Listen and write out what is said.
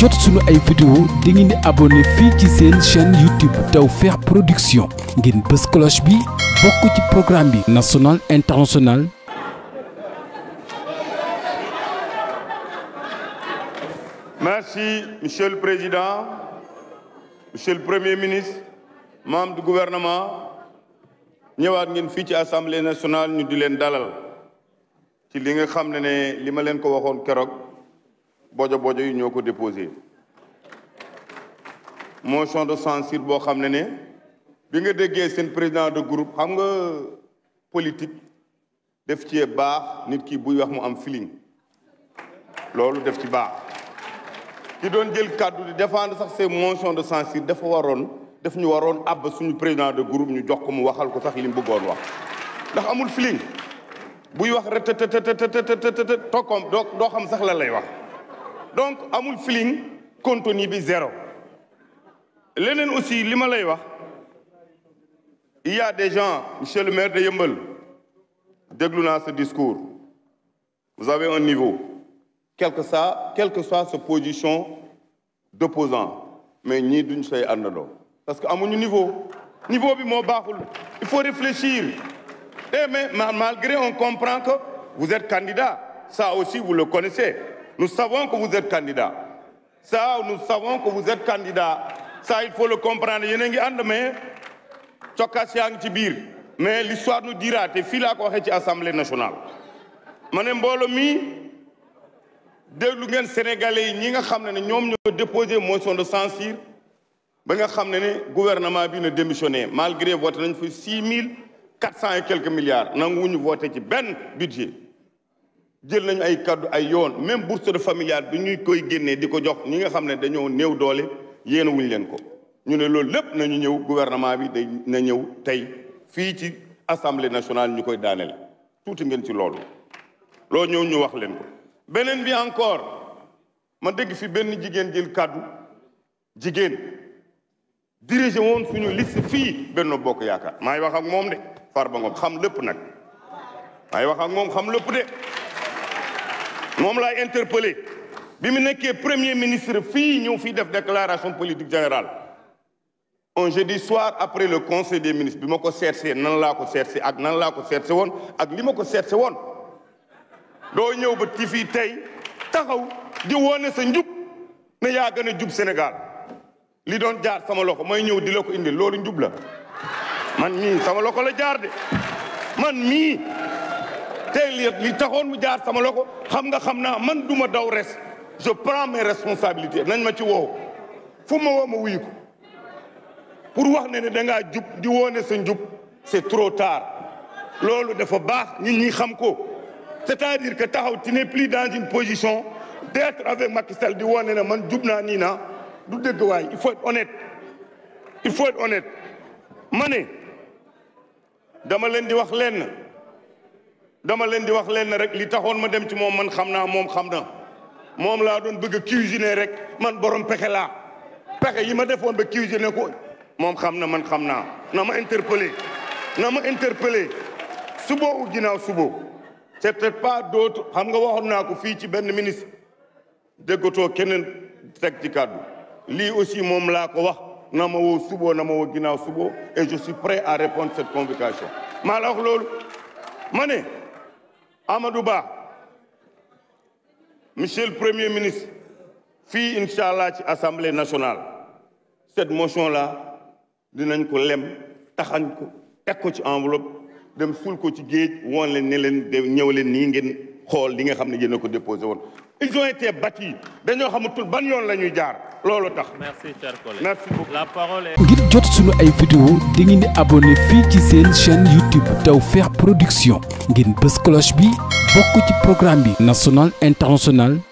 jot suñu ay vidéo da ngeen di abonné fii ci seen chaîne YouTube Tawfekh Production ngeen bës cloche bi bokk ci programme bi national international merci monsieur le président monsieur le premier ministre membre du gouvernement ñëwaat ngeen fii ci assemblée nationale ñu di leen dalal ci li nga xam ne ne li ma leen ko waxoon keroog bojo bojo yi ñoo ko déposé motion de censure boo xam ne ne bi nga déggee seen président de groupe xam nga politique def ci baax nit ki buy wax mu am feeling loolu def ci baax ki doon jël kàddu di défendre sax seen motion de censure dafa waroon daf ñu waroon abba suñu président de groupe ñu jox ko mu waxal ko sax li mu bëggoon wax ndax amul feeling buy wax rek te te te te te te te doo xam sax lan lay wax. donc amul feeling contenu bi zéro leneen aussi li ma lay wax il y a des gens monsieur le maire de Yeumbeul déglu naa ce discours vous avez un niveau quelque que ça quelle que soit sa position d'opposant mais ñii duñ say àndandoo parce que amuñu niveau niveau bi moo baaxul il faut réfléchir et eh, mais malgré on comprend que vous êtes candidat ça aussi vous le connaissez Nous savons que vous saa candidat. Ça, nous savons que vous êtes candidat. Ça, il faut le comprendre. yéen a ngi ànd mais cokkaas yaa ngi ci biir mais l'histoire nous dira te fii laa ko waxee ci assemblée nationale. ma ne mbooloo mi déglu ngeen sénégalais ñi nga xam ne ne ñoom ñoo déposé motion de censure ba nga xam ne ne gouvernement bii na démissionné malgré voté nañ fi six mille quatre cent et quelques milliards nanguwuñu voté ci benn budget. jël nañu ay kaddu ay yoon même bourse de familiale bi ñuy koy génnee di ko jox ñi nga xam ne dañoo néew doole yéen wuñ leen ko ñu ne loolu lépp na ñu ñëw gouvernement bi day na ñëw tey fii ci assemblée nationale ñu koy daaneel tuuti ngeen ci loolu loolu ñëw ñu wax leen ko beneen bi encore ma dégg fi benn jigéen jël kaddu jigéen dirigé woon suñu liste fii benn Bokk Yaakaar maay wax ak moom de Farba Ngom xam lépp nag maay wax moom xam lépp de moom laay interpellé bi mu nekkee premier ministre fii ñëw fii def déclaration politique général un jeudi soir après le conseil des ministres bi ma ko seetsee nan laa ko seetsee ak nan laa ko seetsee woon ak li ma ko seetsee woon doo ñëw ba ci fii tey taxaw di ne sa njub ne yaa gën a jub Sénégal li doon jaar sama loxo mooy ñëw di la ko indi loolu njub la man mii sama loxo la jaar de man mii tey li taxoon mu jaar sama loxo xam nga xam naa man duma daw res je prends responsabilité responsabilités nañ ma ci woow fu ma woo ma wuyu ko pour wax ne ne da jub di woone sa njub c'est trop tard loolu dafa baax nit ñi xam ko c'est-à-dire que taxaw tu n'es plus dans une position d'être avec Macky Sall di woone ne man jub naa nii naa du dëgg waay il faut être honnête il faut être honnête mane dama leen di wax lenn dama leen di wax leen rek li taxoon ma dem ci moom man xam naa moom xam na moom laa doon bëgg a cuisiner rek man borom pexe laa pexe yi ma defoon ba cuisiner ko moom xam na man xam naa na ma interpellé na ma interpellé subo u ginnaaw suba c'était pas d'autre xam nga waxoon naa ko fii ci benn ministre déggatoo keneen teg ci kàddu lii aussi moom laa ko wax na ma woo suba na ma woo ginnaaw suba et je suis prêt à répondre cette convocation maa la wax loolu ma ne Amadou Ba monsieur premier ministre fii incha allah ci assemblée nationale cette motion la dinañ ko lem taxañ ko teg ko ci enveloppe dem ful ko ci géej woon le ni leen ñëw leen nii ngeen. xool li nga xam ne yéen ko déposé woon ils ont été battus dañoo ban yoon la ñuy jaar loolu tax. merci cher collègue merci beaucoup la parole est. ngir jot suñu ay vidéo di ngeen di abonné fii ci seen chaîne YouTube Tawfekh Production ngir bës cloche bi bokk ci programme bi national international.